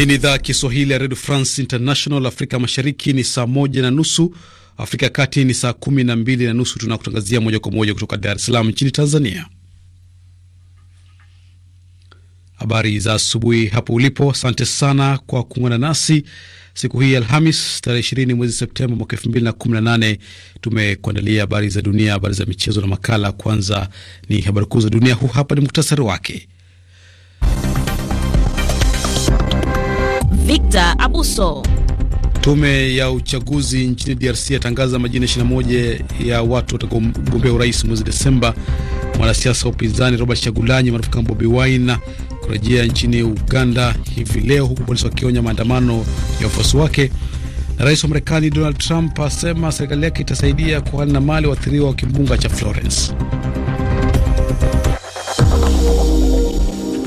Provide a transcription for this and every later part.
Hii ni idhaa ya Kiswahili ya Redio France International. Afrika Mashariki ni saa moja na nusu, Afrika ya Kati ni saa kumi na mbili na nusu. Tunakutangazia moja kwa moja kutoka Dar es Salaam nchini Tanzania. Habari za asubuhi hapo ulipo. Asante sana kwa kuungana nasi siku hii Alhamis tarehe ishirini mwezi Septemba mwaka elfu mbili na kumi na nane. Tumekuandalia habari za dunia, habari za michezo na makala. Kwanza ni habari kuu za dunia, huu hapa ni muktasari wake. Victor Abuso. Tume ya uchaguzi nchini DRC yatangaza majina 21 ya watu watakaogombea urais mwezi Desemba. Mwanasiasa wa upinzani Robert Chagulanyi maarufu kama Bobi Wine kurejea nchini Uganda hivi leo, huku polisi wakionya maandamano ya wafuasi wake. Na rais wa Marekani Donald Trump asema serikali yake itasaidia kwa hali na mali waathiriwa wa kimbunga cha Florence.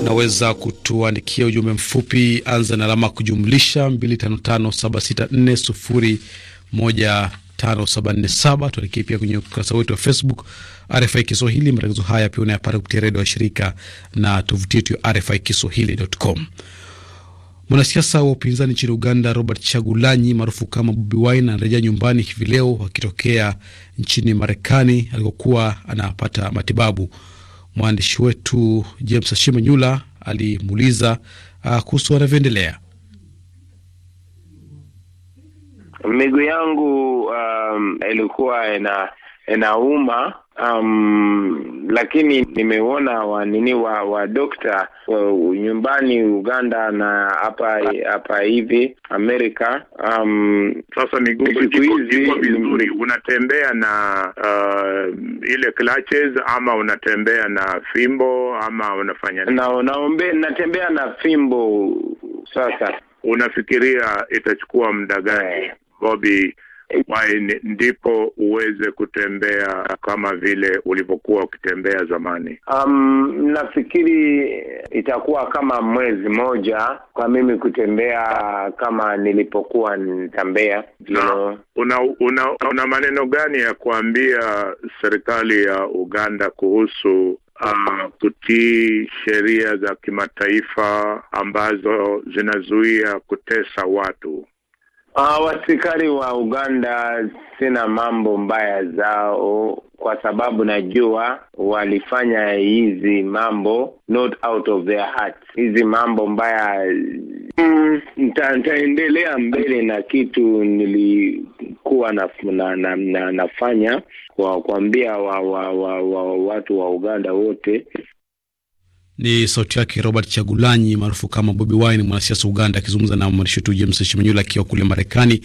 unaweza kutuandikia ujumbe mfupi, anza na alama kujumlisha 255764015747. Tuandikie pia kwenye ukurasa wetu wa Facebook RFI Kiswahili. Matangazo haya pia unayapata kupitia redio ya shirika na tovuti yetu ya RFI Kiswahili.com. Mwanasiasa wa upinzani nchini Uganda Robert Chagulanyi maarufu kama Bobi Wine anarejea nyumbani hivi leo akitokea nchini Marekani alikokuwa anapata matibabu mwandishi wetu James nyula alimuuliza ah, kuhusu wanavyoendelea. Miguu yangu um, ilikuwa ina inauma eh, um, lakini nimeona wanini wa wa dokta nyumbani Uganda na hapa hapa hivi Amerika. Um, sasa miguu vizuri, unatembea na uh, ile clutches ama unatembea na fimbo ama unafanya na, naombe natembea na fimbo. Sasa unafikiria itachukua muda gani eh. Bobby? waini, ndipo uweze kutembea kama vile ulivyokuwa ukitembea zamani. Um, nafikiri itakuwa kama mwezi moja kwa mimi kutembea kama nilipokuwa nitambea. No. Una, una, una maneno gani ya kuambia serikali ya Uganda kuhusu Uh, kutii sheria za kimataifa ambazo zinazuia kutesa watu. Uh, wasikari wa Uganda sina mambo mbaya zao kwa sababu najua walifanya hizi mambo not out of their heart. Hizi mambo mbaya mm, mbele na kitu nilikuwa na, na, na, na nafanya kwa kuambia wa, wa, wa, wa, watu wa Uganda wote ni sauti yake Robert Chagulanyi maarufu kama Bobi Wine, mwanasiasa Uganda, akizungumza na mwandishi wetu James Shimanyula akiwa kule Marekani.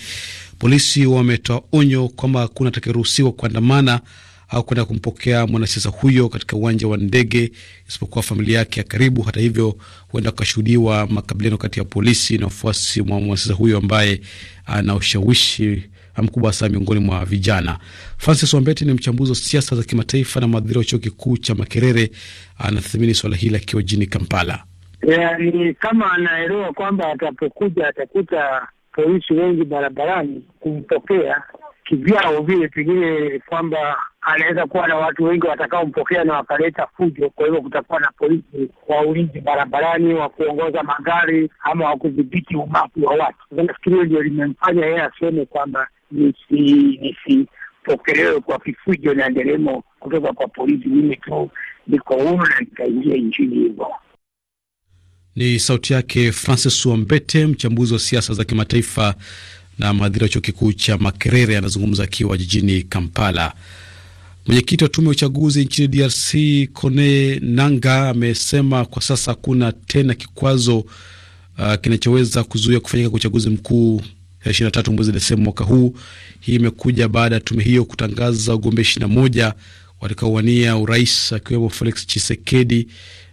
Polisi wametoa onyo kwamba hakuna atakayeruhusiwa kuandamana au kwenda kumpokea mwanasiasa huyo katika uwanja wa ndege isipokuwa familia yake ya karibu. Hata hivyo, huenda kukashuhudiwa makabiliano kati ya polisi na wafuasi wa mwanasiasa huyo ambaye ana ushawishi mkubwa hasa miongoni mwa vijana. Francis Wambeti ni mchambuzi wa siasa za kimataifa na mhadhiri wa chuo kikuu cha Makerere, anathimini swala hili akiwa jini Kampala. Yeah, ni kama anaelewa kwamba atapokuja atakuta polisi wengi barabarani kumpokea kivyao vile, pengine kwamba anaweza kuwa na watu wengi watakaompokea na wakaleta fujo. Kwa hivyo kutakuwa na polisi wa ulinzi barabarani wa kuongoza magari ama wa kudhibiti umati wa watu. Nafikiri hiyo ndio limemfanya yeye aseme kwamba nisipokelewe nisi kwa kifujo na nderemo kutoka kwa polisi. Mimi tu niko huru na nchini hivyo. Ni sauti yake Francis Wambete, mchambuzi wa siasa za kimataifa na mhadhiri wa chuo kikuu cha Makerere, anazungumza akiwa jijini Kampala. Mwenyekiti wa tume ya uchaguzi nchini DRC Kone Nanga amesema kwa sasa hakuna tena kikwazo uh, kinachoweza kuzuia kufanyika kwa uchaguzi mkuu 23 mwezi Desemba mwaka huu. Hii imekuja baada ya tume hiyo kutangaza wagombea 21 watakaowania urais akiwemo Felix Chisekedi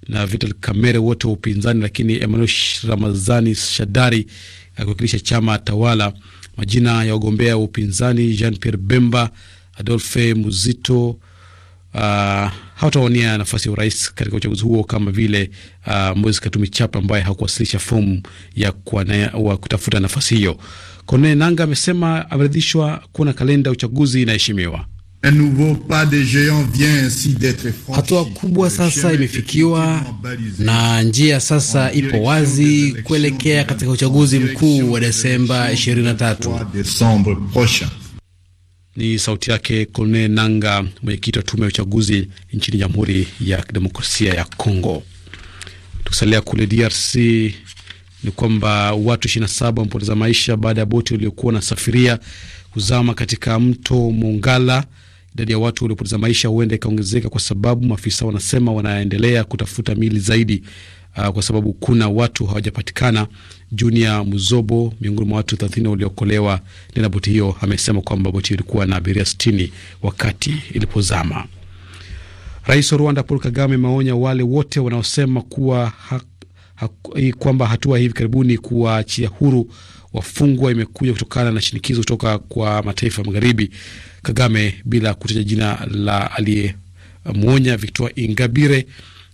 na Vital Kamerhe, wote wa upinzani, lakini Emmanuel Ramazani Shadari akiwakilisha chama tawala. Majina ya wagombea wa upinzani Jean Pierre Bemba, Adolphe Muzito Uh, hawatawania nafasi ya urais katika uchaguzi huo kama vile uh, Moise Katumbi Chapa ambaye hakuwasilisha fomu ya kuanaya, kutafuta nafasi hiyo. Kone Nanga amesema ameridhishwa kuona kalenda ya uchaguzi inaheshimiwa. Hatua kubwa sasa imefikiwa na njia sasa ipo wazi kuelekea katika uchaguzi mkuu wa Desemba 23. Ni sauti yake Corneille Nanga, mwenyekiti wa tume ya uchaguzi nchini Jamhuri ya Kidemokrasia ya Kongo. Tukisalia kule DRC, ni kwamba watu 27 wamepoteza maisha baada ya boti waliokuwa wanasafiria kuzama katika mto Mongala. Idadi ya watu waliopoteza maisha huenda ikaongezeka kwa sababu maafisa wanasema wanaendelea kutafuta mili zaidi, uh, kwa sababu kuna watu hawajapatikana. Junior Muzobo, miongoni mwa watu 30 waliokolewa ndani ya boti hiyo, amesema kwamba boti ilikuwa na abiria 60 wakati ilipozama. Rais wa Rwanda Paul Kagame ameonya wale wote wanaosema kuwa hak kwamba hatua hivi karibuni kuwaachia huru wafungwa imekuja kutokana na shinikizo kutoka kwa mataifa magharibi. Kagame, bila kutaja jina la aliyemwonya Victoire Ingabire,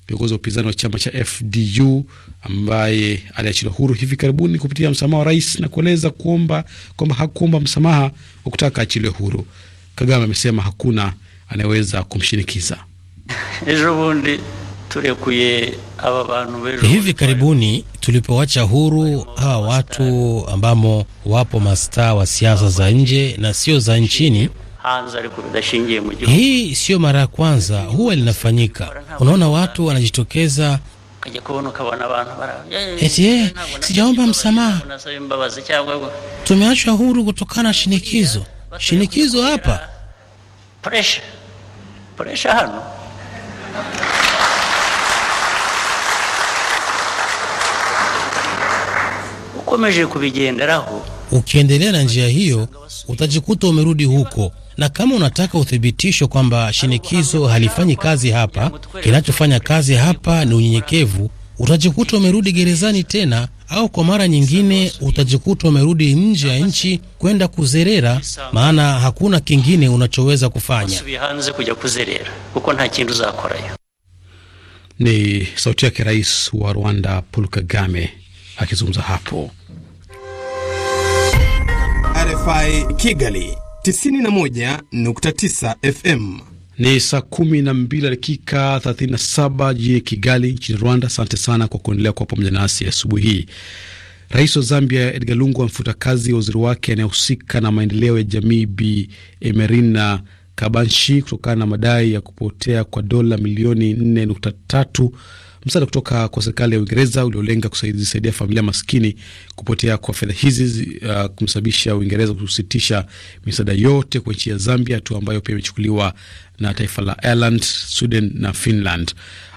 kiongozi wa upinzani wa chama cha FDU ambaye aliachiliwa huru hivi karibuni kupitia msamaha wa rais na kueleza kuomba kwamba hakuomba msamaha wa kutaka achiliwe huru. Kagame amesema hakuna anayeweza kumshinikiza Hivi karibuni tulipowacha huru hawa watu ambamo wapo mastaa wa siasa za nje na sio za nchini. Hii siyo mara ya kwanza, huwa linafanyika. Unaona, watu wanajitokeza eti eh, sijaomba msamaha, tumeachwa huru kutokana na shinikizo. Shinikizo hapa, hano ukomeje kubigenderaho. Ukiendelea na njia hiyo utajikuta umerudi huko, na kama unataka uthibitisho kwamba shinikizo halifanyi kazi hapa, kinachofanya kazi hapa ni unyenyekevu, utajikuta umerudi gerezani tena, au kwa mara nyingine utajikuta umerudi nje ya nchi kwenda kuzerera, maana hakuna kingine unachoweza kufanya. Ni sauti yake Rais wa Rwanda Paul Kagame akizungumza hapo. RFI Kigali 91.9 FM. Ni saa kumi na mbili dakika 37 jijini Kigali nchini Rwanda. Asante sana kwa kuendelea kuwa pamoja nasi asubuhi hii. Rais wa Zambia Edgar Lungu amfuta kazi waziri wake anayehusika na maendeleo ya jamii Bi Emerina Kabanshi kutokana na madai ya kupotea kwa dola milioni 4.3 Msaada kutoka kwa serikali ya Uingereza uliolenga kusaidia familia maskini. Kupotea kwa fedha hizi uh, kumsababisha Uingereza kusitisha misaada yote kwa nchi ya Zambia, hatua ambayo pia imechukuliwa na taifa la Ireland, Sweden na Finland.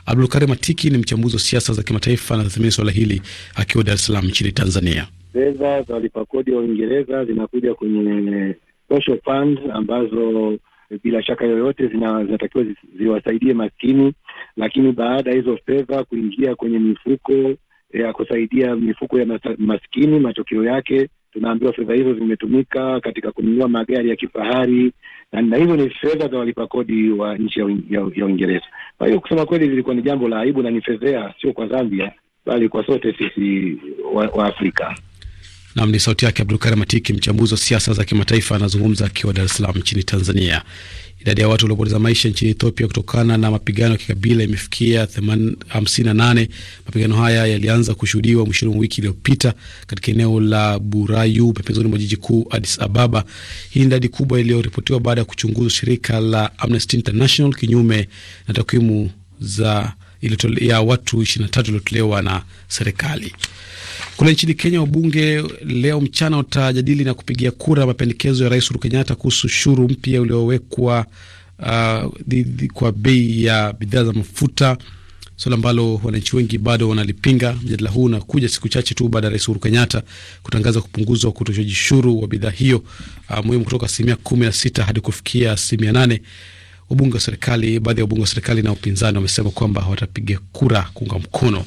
Abdulkarim Atiki ni mchambuzi wa siasa za kimataifa anatathmini suala hili akiwa Dar es Salaam nchini Tanzania. Fedha za walipakodi wa Uingereza zinakuja kwenye social fund ambazo bila shaka yoyote zinatakiwa zina ziwasaidie maskini, lakini baada ya hizo fedha kuingia kwenye mifuko ya kusaidia mifuko ya maskini, matokeo yake tunaambiwa fedha hizo zimetumika katika kununua magari ya kifahari na, na hizo ni fedha za walipa kodi wa nchi ya Uingereza. Kwa hiyo kusema kweli, lilikuwa ni jambo la aibu na ni fedhea, sio kwa Zambia bali kwa sote sisi wa, wa Afrika. Nam ni sauti yake Abdulkarim Atiki, mchambuzi wa siasa za kimataifa, anazungumza akiwa Dar es Salaam nchini Tanzania. Idadi ya watu waliopoteza maisha nchini Ethiopia kutokana na mapigano ya kikabila imefikia 58. Mapigano haya yalianza kushuhudiwa mwishoni mwa wiki iliyopita katika eneo la Burayu, pembezoni mwa jiji kuu Addis Ababa. Hii ni idadi kubwa iliyoripotiwa baada ya kuchunguzwa shirika la Amnesty International, kinyume na takwimu za ya watu 23 iliotolewa na serikali. Kule nchini Kenya, wabunge leo mchana watajadili na kupigia kura mapendekezo ya Rais Uhuru Kenyatta kuhusu ushuru mpya uliowekwa uh, kwa bei ya bidhaa za mafuta, suala ambalo wananchi wengi bado wanalipinga. Mjadala huu unakuja siku chache tu baada ya Rais Uhuru Kenyatta kutangaza kupunguzwa kwa utoshaji ushuru wa bidhaa hiyo uh, muhimu kutoka asilimia kumi na sita hadi kufikia asilimia nane. Wabunge wa serikali, baadhi ya wabunge wa serikali na upinzani wamesema kwamba watapiga kura kuunga mkono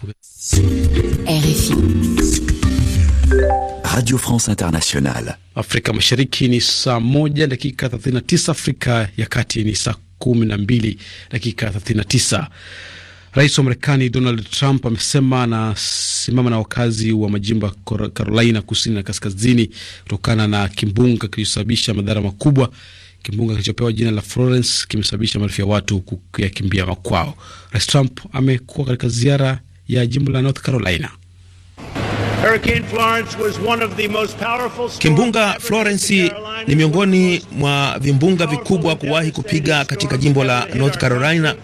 RFI Radio France Internationale. Afrika Mashariki ni saa moja dakika 39, Afrika ya Kati ni saa 12 dakika 39. Rais wa Marekani Donald Trump amesema anasimama na wakazi wa majimbo Carolina kusini na kaskazini kutokana na kimbunga kilichosababisha madhara makubwa. Kimbunga kilichopewa jina la Florence kimesababisha maelfu ya watu kuyakimbia makwao. Rais Trump amekuwa katika ziara ya jimbo la North Carolina. Kimbunga Florence ni miongoni mwa vimbunga vikubwa kuwahi kupiga katika jimbo la North Carolina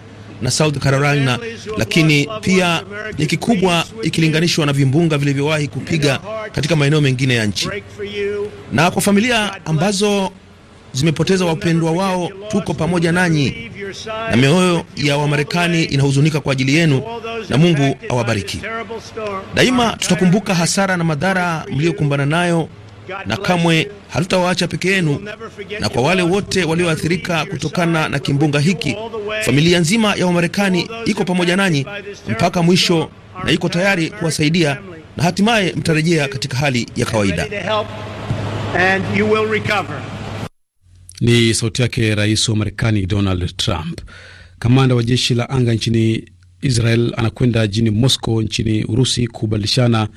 na South Carolina, lakini pia ni kikubwa ikilinganishwa na vimbunga vilivyowahi kupiga katika maeneo mengine ya nchi. Na kwa familia ambazo zimepoteza wapendwa wao, tuko pamoja nanyi na mioyo ya Wamarekani inahuzunika kwa ajili yenu, na Mungu awabariki daima. Tutakumbuka hasara na madhara mliyokumbana nayo, na kamwe hatutawaacha peke yenu. Na kwa wale wote walioathirika kutokana na kimbunga hiki, familia nzima ya Wamarekani iko pamoja nanyi mpaka mwisho na iko tayari kuwasaidia, na hatimaye mtarejea katika hali ya kawaida. Ni sauti yake rais wa Marekani Donald Trump. Kamanda wa jeshi la anga nchini Israel anakwenda jijini Moscow nchini Urusi kubadilishana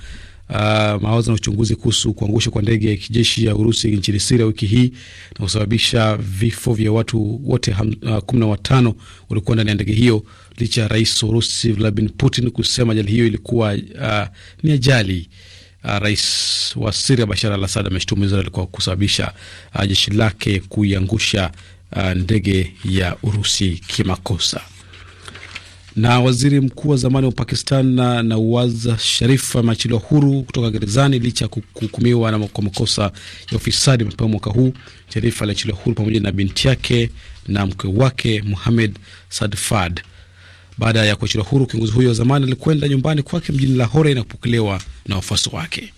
uh, mawazo na uchunguzi kuhusu kuangusha kwa ndege ya kijeshi ya Urusi nchini Siria wiki hii na kusababisha vifo vya watu wote uh, kumi na watano waliokuwa ndani ya ndege hiyo, licha ya rais wa Urusi Vladimir Putin kusema ajali hiyo ilikuwa uh, ni ajali Uh, rais wa Siria Bashar al Assad ameshtumu Israel kwa kusababisha uh, jeshi lake kuiangusha uh, ndege ya Urusi kimakosa. Na waziri mkuu wa zamani wa Pakistan na Nawaz Sharif ameachiliwa huru kutoka gerezani licha ya kuhukumiwa kwa makosa ya ufisadi mapema mwaka huu. Sharif aliachiliwa huru pamoja na binti yake na mke wake Muhamed Sadfad. Baada ya kuachiliwa huru, kiongozi huyo wa zamani alikwenda nyumbani kwake mjini Lahore na kupokelewa na wafuasi wake.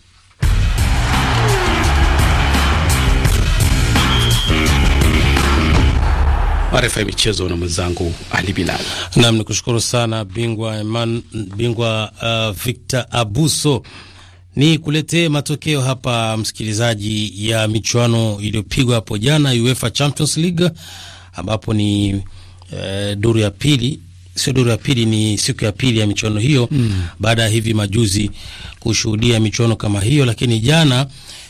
arefa ya michezo na mwenzangu Ali Bilal. ni kushukuru sana bingwa Eman, bingwa uh, Victor Abuso. Ni kuletee matokeo hapa msikilizaji, ya michuano iliyopigwa hapo jana UEFA Champions League, ambapo ni uh, duru ya pili sio duru ya pili, ni siku ya pili ya michuano hiyo mm. baada ya hivi majuzi kushuhudia michuano kama hiyo, lakini jana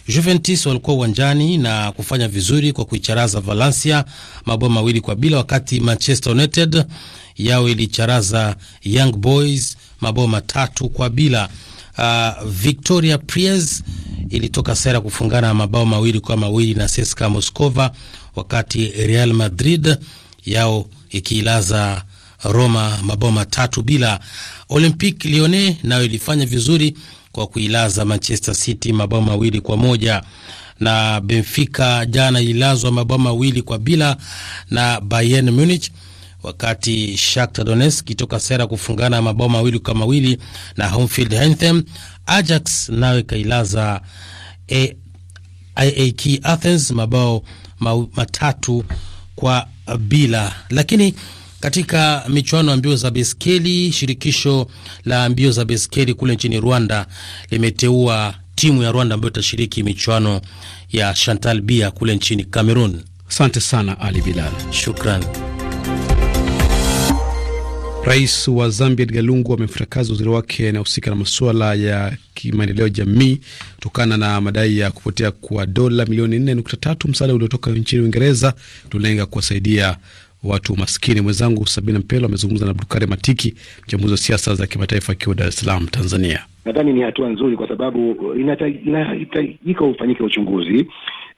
Juventus walikuwa uwanjani na kufanya vizuri kwa kuicharaza Valencia mabao mawili kwa bila, wakati Manchester United yao ilicharaza Young Boys mabao matatu kwa bila. Uh, Victoria Priez ilitoka sera kufungana mabao mawili kwa mawili na CSKA Moskova, wakati Real Madrid yao ikiilaza Roma mabao matatu bila. Olympique Lyonnais nayo ilifanya vizuri kwa kuilaza Manchester City mabao mawili kwa moja na Benfica jana ililazwa mabao mawili kwa bila na Bayern Munich, wakati Shakhtar Donetsk kitoka sera kufungana mabao mawili kwa mawili na Homefield Anthem. Ajax nayo ikailaza AAK Athens mabao matatu kwa bila, lakini katika michuano ya mbio za beskeli shirikisho la mbio za beskeli kule nchini Rwanda limeteua timu ya Rwanda ambayo itashiriki michuano ya Chantal Bia kule nchini Cameroon. Asante sana Ali Bilal, shukran. Rais wa Zambia Edgar Lungu amemfutakaza waziri wake anahusika na masuala ya kimaendeleo jamii kutokana na madai ya kupotea kwa dola milioni 4.3 msaada uliotoka nchini Uingereza tulenga kuwasaidia watu maskini. Mwenzangu Sabina Mpelo amezungumza na Abdulkarim Matiki, mchambuzi wa siasa za kimataifa akiwa Dar es Salaam, Tanzania. Nadhani ni hatua nzuri, kwa sababu inahitajika ufanyike uchunguzi,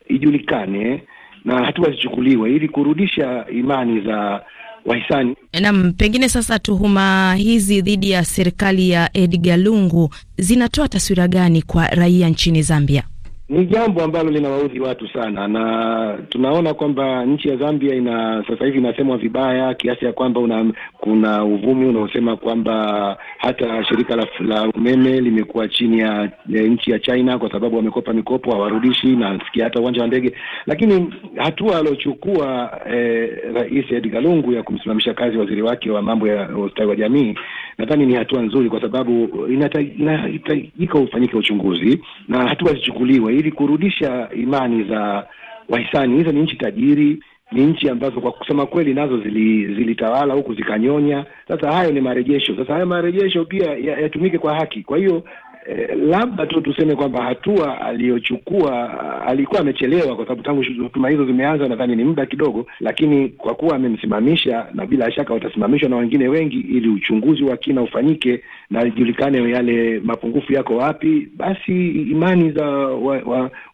ijulikane na hatua zichukuliwe ili kurudisha imani za wahisani. Naam, pengine sasa tuhuma hizi dhidi ya serikali ya Edgar Lungu zinatoa taswira gani kwa raia nchini Zambia? ni jambo ambalo linawaudhi watu sana, na tunaona kwamba nchi ya Zambia ina sasa hivi inasemwa vibaya kiasi ya kwamba una, kuna uvumi unaosema kwamba hata shirika la, la umeme limekuwa chini ya e, nchi ya China kwa sababu wamekopa mikopo hawarudishi, na sikia hata uwanja wa ndege. Lakini hatua aliochukua e, Rais Ed Galungu ya kumsimamisha kazi waziri wake wa mambo ya ustawi wa jamii nadhani ni hatua nzuri, kwa sababu inahitajika ufanyike uchunguzi na hatua zichukuliwe ili kurudisha imani za wahisani. Hizo ni nchi tajiri, ni nchi ambazo kwa kusema kweli nazo zilitawala zili huku zikanyonya. Sasa hayo ni marejesho. Sasa hayo marejesho pia yatumike ya kwa haki. Kwa hiyo eh, labda tu tuseme kwamba hatua aliyochukua eh, alikuwa amechelewa, kwa sababu tangu shutuma hizo zimeanza nadhani ni muda kidogo, lakini kwa kuwa amemsimamisha na bila shaka watasimamishwa na wengine wengi, ili uchunguzi wa kina ufanyike na ijulikane yale mapungufu yako wapi, basi imani za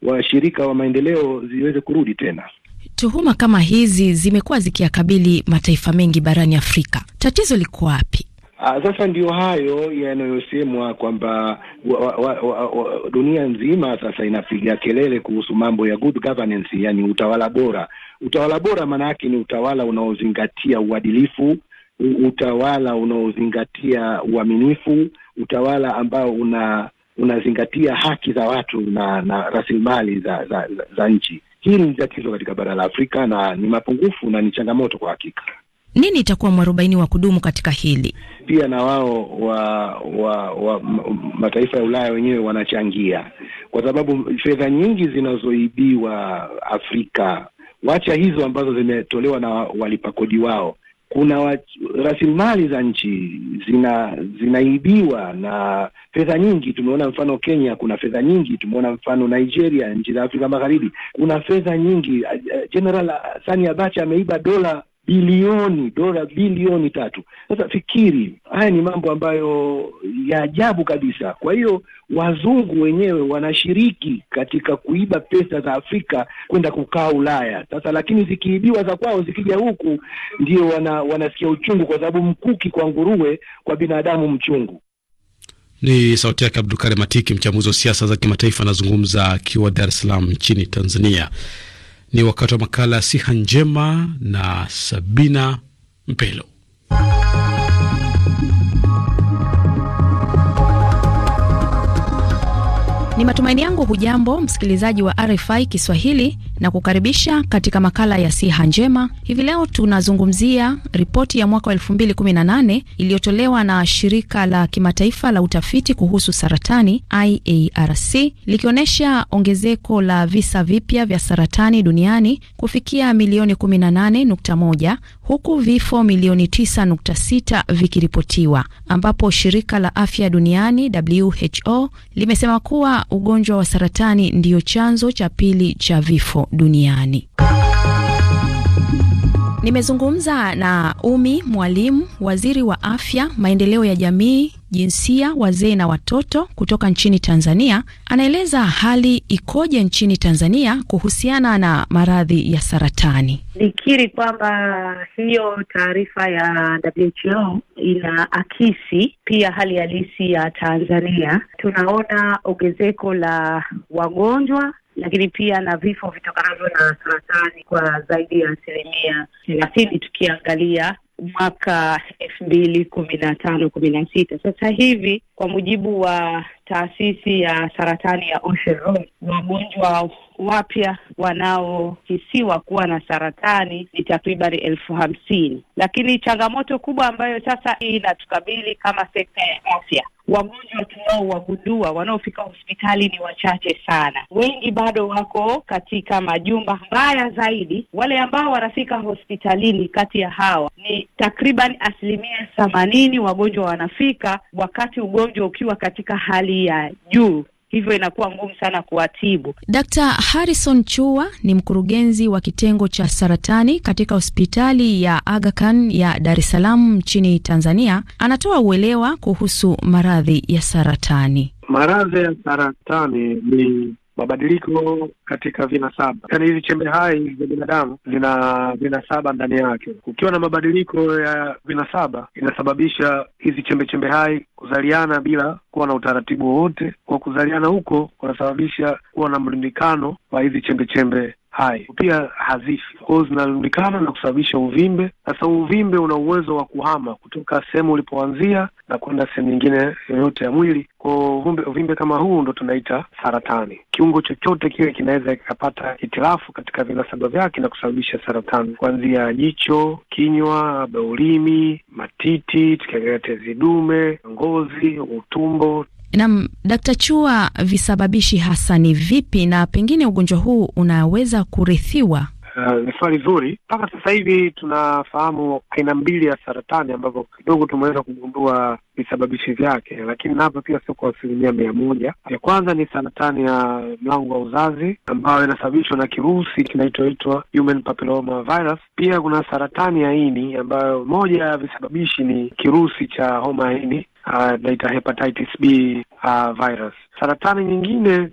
washirika wa, wa, wa maendeleo ziweze kurudi tena. Tuhuma kama hizi zimekuwa zikiakabili mataifa mengi barani Afrika, tatizo liko wapi? Ah, sasa ndio hayo yanayosemwa kwamba dunia nzima sasa inapiga kelele kuhusu mambo ya good governance, yani utawala bora. Utawala bora maana yake ni utawala unaozingatia uadilifu, utawala unaozingatia uaminifu, utawala ambao una unazingatia haki za watu na, na rasilimali za, za, za, za nchi. Hili ni tatizo katika bara la Afrika na ni mapungufu na ni changamoto kwa hakika nini itakuwa mwarobaini wa kudumu katika hili? Pia na wao wa, wa, wa mataifa ya Ulaya wenyewe wanachangia, kwa sababu fedha nyingi zinazoibiwa Afrika, wacha hizo ambazo zimetolewa na walipa kodi wao kuna rasilimali za nchi zina zinaibiwa na fedha nyingi. Tumeona mfano Kenya, kuna fedha nyingi. Tumeona mfano Nigeria, nchi za Afrika Magharibi, kuna fedha nyingi. General Sani Abacha ameiba dola bilioni dola bilioni tatu. Sasa fikiri, haya ni mambo ambayo ya ajabu kabisa. Kwa hiyo wazungu wenyewe wanashiriki katika kuiba pesa za Afrika kwenda kukaa Ulaya. Sasa lakini zikiibiwa za kwao, zikija huku ndio wana, wanasikia uchungu, kwa sababu mkuki kwa nguruwe, kwa binadamu mchungu. Ni sauti yake Abdulkarim matiki mchambuzi wa siasa za kimataifa, anazungumza akiwa Dar es Salaam nchini Tanzania. Ni wakati wa makala ya siha njema na Sabina Mpelo. Ni matumaini yangu hujambo msikilizaji wa RFI Kiswahili na kukaribisha katika makala ya siha njema. Hivi leo tunazungumzia ripoti ya mwaka wa 2018 iliyotolewa na shirika la kimataifa la utafiti kuhusu saratani IARC likionyesha ongezeko la visa vipya vya saratani duniani kufikia milioni 18.1 huku vifo milioni 9.6 vikiripotiwa, ambapo shirika la afya duniani WHO limesema kuwa ugonjwa wa saratani ndiyo chanzo cha pili cha vifo duniani. Nimezungumza na Umi Mwalimu, waziri wa afya, maendeleo ya jamii, jinsia, wazee na watoto kutoka nchini Tanzania. Anaeleza hali ikoje nchini Tanzania kuhusiana na maradhi ya saratani. Nikiri kwamba hiyo taarifa ya WHO ina akisi pia hali halisi ya Tanzania. Tunaona ongezeko la wagonjwa lakini pia na vifo vitokanavyo na saratani kwa zaidi ya asilimia thelathini tukiangalia mwaka elfu mbili kumi na tano kumi na sita. Sasa hivi kwa mujibu wa taasisi ya saratani ya Ocean Wagonjwa wapya wanaokisiwa kuwa na saratani ni takribani elfu hamsini, lakini changamoto kubwa ambayo sasa hii inatukabili kama sekta ya afya wagonjwa tunaowagundua wanaofika hospitali ni wachache sana. Wengi bado wako katika majumba. Mbaya zaidi, wale ambao wanafika hospitalini, kati ya hawa ni takriban asilimia themanini wagonjwa wanafika wakati ugonjwa ukiwa katika hali ya juu, hivyo inakuwa ngumu sana kuwatibu. Dkt. Harrison Chua ni mkurugenzi wa kitengo cha saratani katika hospitali ya Aga Khan ya Dar es Salaam nchini Tanzania. Anatoa uelewa kuhusu maradhi ya saratani. Maradhi ya saratani ni mabadiliko katika vinasaba, yaani hizi chembe hai za binadamu zina vinasaba ndani yake. Kukiwa na mabadiliko ya vinasaba, inasababisha hizi chembe chembe hai kuzaliana bila kuwa na utaratibu wowote. Kwa kuzaliana huko kunasababisha kuwa na mrundikano wa hizi chembe chembe hai pia hazifi, kwao, zinarundikana na kusababisha uvimbe. Sasa uvimbe una uwezo wa kuhama kutoka sehemu ulipoanzia na kwenda sehemu nyingine yoyote ya mwili. Kwa uvimbe, kama huu ndo tunaita saratani. Kiungo chochote kile kinaweza kikapata hitilafu katika vinasaba vyake na kusababisha saratani, kuanzia jicho, kinywa, beulimi, matiti, tukiangalia tezi dume, ngozi, utumbo. Nam Dkt. Chua, visababishi hasa ni vipi na pengine ugonjwa huu unaweza kurithiwa? Uh, ni swali zuri. Mpaka sasa hivi tunafahamu aina mbili ya saratani ambavyo kidogo tumeweza kugundua visababishi vyake, lakini navyo pia sio kwa asilimia mia moja. Ya kwanza ni saratani ya mlango wa uzazi ambayo inasababishwa na kirusi kinachoitwa human papilloma virus. Pia kuna saratani ya ini ambayo moja ya visababishi ni kirusi cha homa ya ini uh, ah, naita hepatitis B uh, virus. Saratani nyingine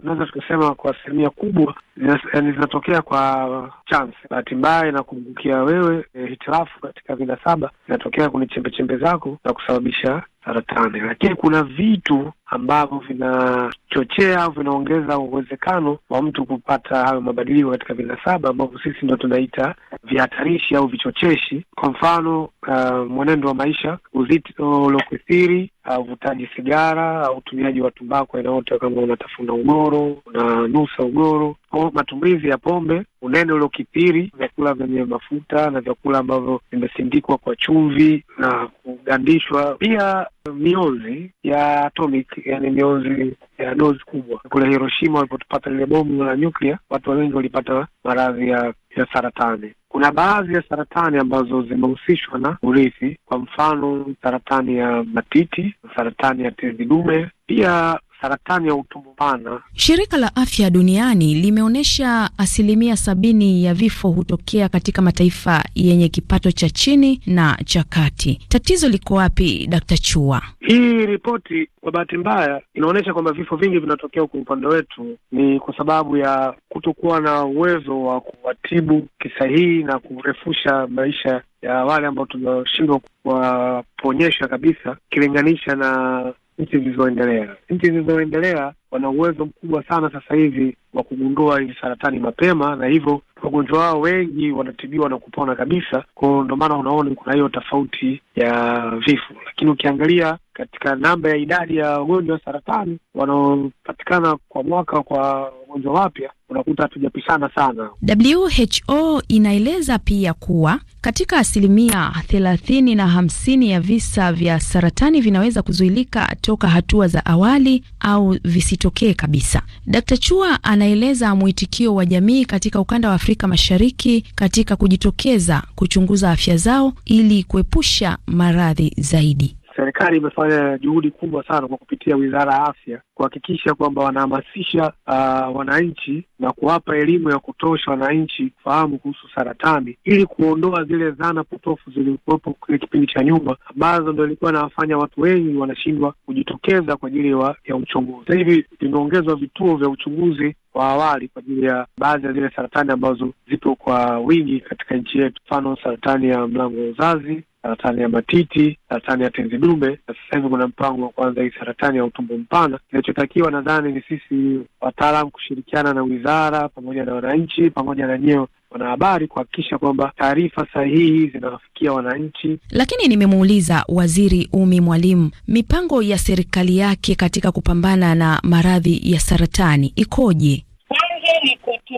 tunaweza uh, tukasema kwa asilimia kubwa eh, zinatokea kwa chance, bahati mbaya inakuangukia wewe, e, hitilafu katika vinasaba inatokea kwenye chembechembe zako na kusababisha saratani. Lakini kuna vitu ambavyo vinachochea au vinaongeza uwezekano wa mtu kupata hayo mabadiliko katika vinasaba ambavyo sisi ndo tunaita vihatarishi au vichocheshi. Kwa mfano uh, mwenendo wa maisha, uzito uliokithiri uvutaji sigara au utumiaji wa tumbako aina yote, kama unatafuna ugoro, unanusa ugoro, matumizi ya pombe, unene uliokithiri, vyakula vyenye mafuta na vyakula ambavyo vimesindikwa kwa chumvi na kugandishwa, pia mionzi ya atomic, yani mionzi ya dozi kubwa. Kule Hiroshima walipopata lile bomu la nyuklia, watu wengi walipata maradhi ya ya saratani. Kuna baadhi ya saratani ambazo zimehusishwa na urithi, kwa mfano saratani ya matiti, saratani ya tezi dume, pia saratani ya utumbo mpana. Shirika la Afya Duniani limeonyesha asilimia sabini ya vifo hutokea katika mataifa yenye kipato cha chini na cha kati. Tatizo liko wapi, Dkt. Chua? Hii ripoti kwa bahati mbaya inaonyesha kwamba vifo vingi vinatokea kwa upande wetu ni kwa sababu ya kutokuwa na uwezo wa kuwatibu kisahihi na kurefusha maisha ya wale ambao tunashindwa kuwaponyesha kabisa, ukilinganisha na nchi zilizoendelea. Nchi zilizoendelea wana uwezo mkubwa sana sasa hivi wa kugundua hizi saratani mapema, na hivyo wagonjwa wao wengi wanatibiwa na kupona kabisa. Kwao ndo maana unaona kuna hiyo tofauti ya vifo, lakini ukiangalia katika namba ya idadi ya wagonjwa wa saratani wanaopatikana kwa mwaka kwa wagonjwa wapya unakuta hatujapishana sana. WHO inaeleza pia kuwa katika asilimia thelathini na hamsini ya visa vya saratani vinaweza kuzuilika toka hatua za awali au visi isitokee kabisa. Dkt. Chua anaeleza mwitikio wa jamii katika ukanda wa Afrika Mashariki katika kujitokeza kuchunguza afya zao ili kuepusha maradhi zaidi serikali imefanya juhudi kubwa sana kwa kupitia wizara ya afya kuhakikisha kwamba wanahamasisha uh, wananchi na kuwapa elimu ya kutosha wananchi kufahamu kuhusu saratani ili kuondoa zile dhana potofu zilizokuwepo kile kipindi cha nyuma ambazo ndo ilikuwa inawafanya watu wengi wanashindwa kujitokeza kwa ajili ya uchunguzi. Sasa hivi vimeongezwa vituo vya uchunguzi wa awali kwa ajili ya baadhi ya zile saratani ambazo zipo kwa wingi katika nchi yetu, mfano saratani ya mlango wa uzazi saratani ya matiti, saratani ya tenzi dume, na sasa hivi kuna mpango wa kwanza hii saratani ya utumbo mpana. Kinachotakiwa nadhani ni sisi wataalam kushirikiana na wizara pamoja na wananchi pamoja na nyeo wanahabari kuhakikisha kwamba taarifa sahihi zinawafikia wananchi. Lakini nimemuuliza Waziri Umi Mwalimu, mipango ya serikali yake katika kupambana na maradhi ya saratani ikoje?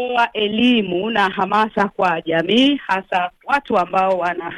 kutoa elimu na hamasa kwa jamii, hasa watu ambao wana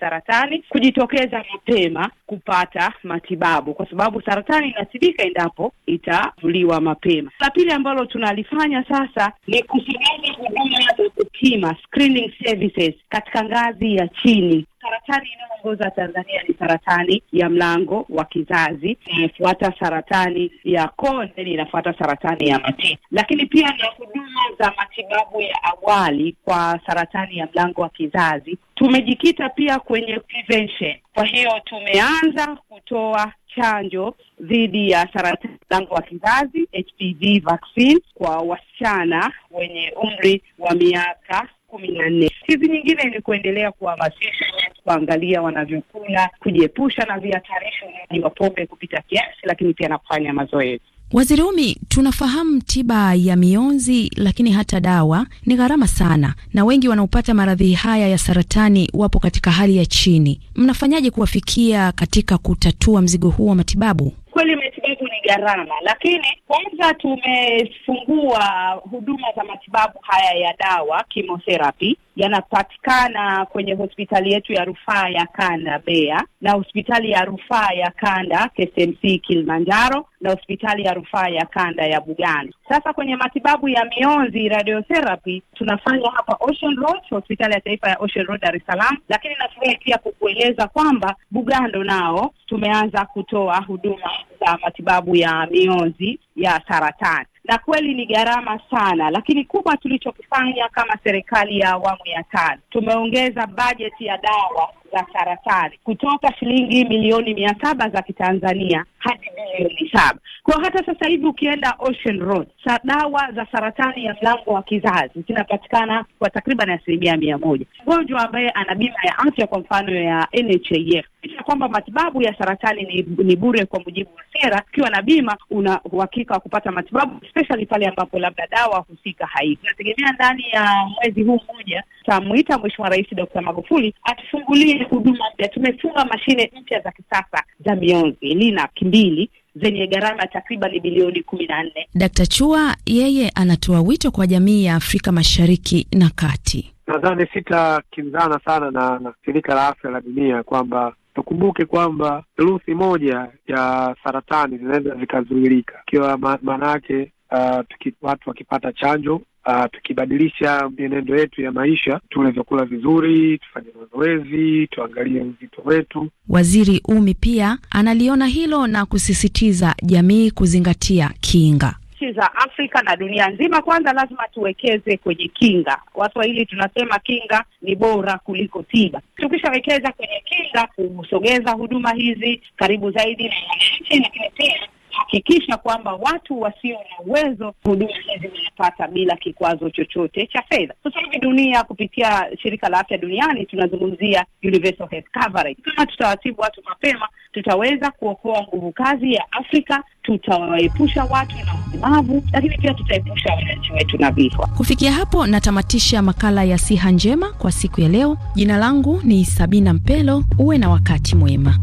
saratani kujitokeza mapema kupata matibabu, kwa sababu saratani inatibika endapo itavuliwa mapema. La pili ambalo tunalifanya sasa ni kusimama huduma stima screening services katika ngazi ya chini. Saratani inayoongoza Tanzania ni saratani ya mlango wa kizazi, inafuata saratani ya kooni, inafuata saratani ya matiti, lakini pia na huduma za matibabu ya awali kwa saratani ya mlango wa kizazi Tumejikita pia kwenye prevention, kwa hiyo tumeanza kutoa chanjo dhidi ya saratani mlango wa kizazi HPV vaccine kwa wasichana wenye umri wa miaka kumi na nne. Hizi nyingine ni kuendelea kuhamasisha, kuangalia wanavyokula, kujiepusha na vihatarishi, unywaji wa pombe kupita kiasi, lakini pia na kufanya mazoezi. Waziri Umi, tunafahamu tiba ya mionzi, lakini hata dawa ni gharama sana, na wengi wanaopata maradhi haya ya saratani wapo katika hali ya chini. Mnafanyaje kuwafikia katika kutatua mzigo huu wa matibabu? Kweli matibabu ni gharama, lakini kwanza tumefungua huduma za matibabu haya ya dawa chemotherapy yanapatikana kwenye hospitali yetu ya rufaa ya Kanda Mbeya, na hospitali ya rufaa ya Kanda KCMC Kilimanjaro, na hospitali ya rufaa ya Kanda ya Bugando. Sasa kwenye matibabu ya mionzi radiotherapy tunafanya hapa Ocean Road, hospitali ya taifa ya Ocean Road Dar es Salaam, lakini nafurahi pia kukueleza kwamba Bugando nao tumeanza kutoa huduma za matibabu sababu ya mionzi ya saratani, na kweli ni gharama sana, lakini kubwa tulichokifanya kama serikali ya awamu ya tano tumeongeza bajeti ya dawa za saratani kutoka shilingi milioni mia saba za Kitanzania hadi milioni saba. Kwa hata sasa hivi ukienda Ocean Road, dawa za saratani ya mlango wa kizazi zinapatikana kwa takriban asilimia mia moja. Mgonjwa ambaye ana bima ya afya kwa mfano ya NHIF, kwamba matibabu ya saratani ni, ni bure kwa mujibu wa sera, ukiwa na bima una uhakika wa kupata matibabu, especially pale ambapo labda dawa husika haipo. Tunategemea ndani ya mwezi huu mmoja tutamwita Mheshimiwa Rais dokta Magufuli atufungulie huduma mpya. Tumefunga mashine mpya za kisasa za mionzi lina kimbili zenye gharama takriban bilioni kumi na nne. Dkt. Chua yeye anatoa wito kwa jamii ya Afrika Mashariki na Kati. Nadhani sitakinzana sana na, na shirika la afya la dunia kwamba Tukumbuke kwamba theluthi moja ya saratani zinaweza zikazuilika ikiwa maana yake uh, watu wakipata chanjo Uh, tukibadilisha mienendo yetu ya maisha, tule vyakula vizuri, tufanye mazoezi, tuangalie uzito wetu. Waziri Umi pia analiona hilo na kusisitiza jamii kuzingatia kinga nchi za Afrika na dunia nzima, kwanza lazima tuwekeze kwenye kinga. Waswahili tunasema kinga ni bora kuliko tiba. Tukishawekeza kwenye kinga, kusogeza huduma hizi karibu zaidi na wananchi, lakini pia kuhakikisha kwamba watu wasio na uwezo huduma hizi wanapata bila kikwazo chochote cha fedha. Sasa hivi dunia kupitia shirika la afya duniani tunazungumzia universal health coverage. Kama tutawatibu watu mapema, tutaweza kuokoa nguvu kazi ya Afrika, tutawaepusha watu na ulemavu, lakini pia tutaepusha wananchi wetu na vifo. Kufikia hapo, natamatisha makala ya siha njema kwa siku ya leo. Jina langu ni Sabina Mpelo. Uwe na wakati mwema.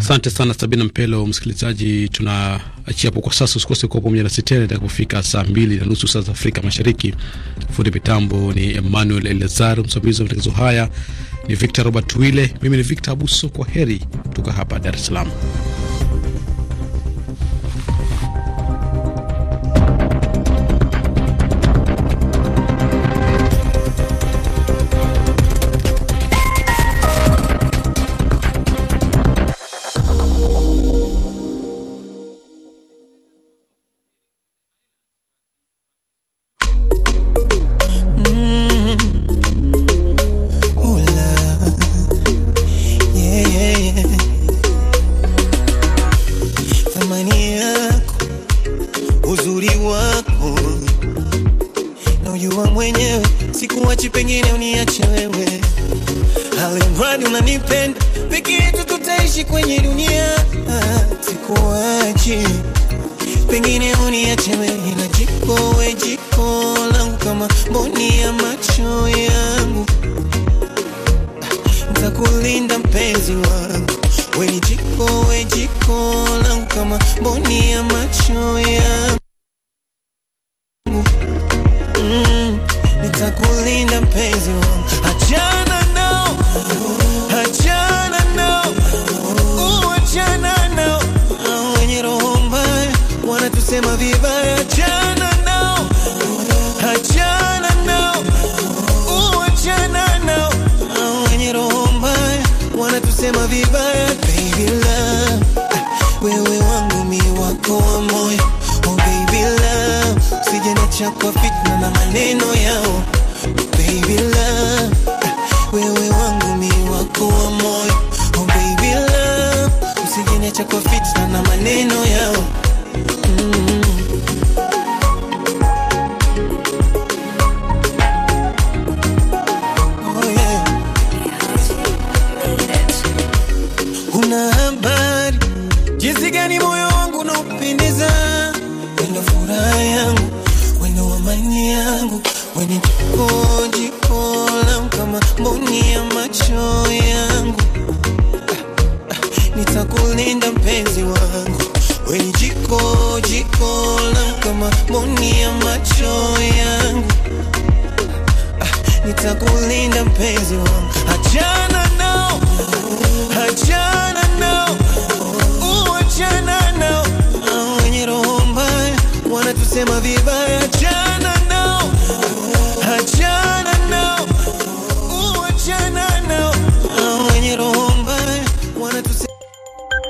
Asante sana Sabina Mpelo. Msikilizaji, tunaachia hapo kwa sasa. Usikose kuwa pamoja na tena itakapofika saa mbili na nusu saa za Afrika Mashariki. Fundi mitambo ni Emmanuel Elazar, msimamizi wa matangazo haya ni Victor Robert Wile, mimi ni Victor Abuso. Kwa heri kutoka hapa Dar es Salaam. mboni ya macho yangu, ntakulinda mpenzi wangu, we ni jiko, we jiko langu, kama mboni ya macho yangu mm, nitakulinda mpenzi kuwatisha kwa fitna na maneno yao. Baby love, wewe wangu mi wako wa moyo. Oh baby love, usijiniacha kwa fitna na maneno yao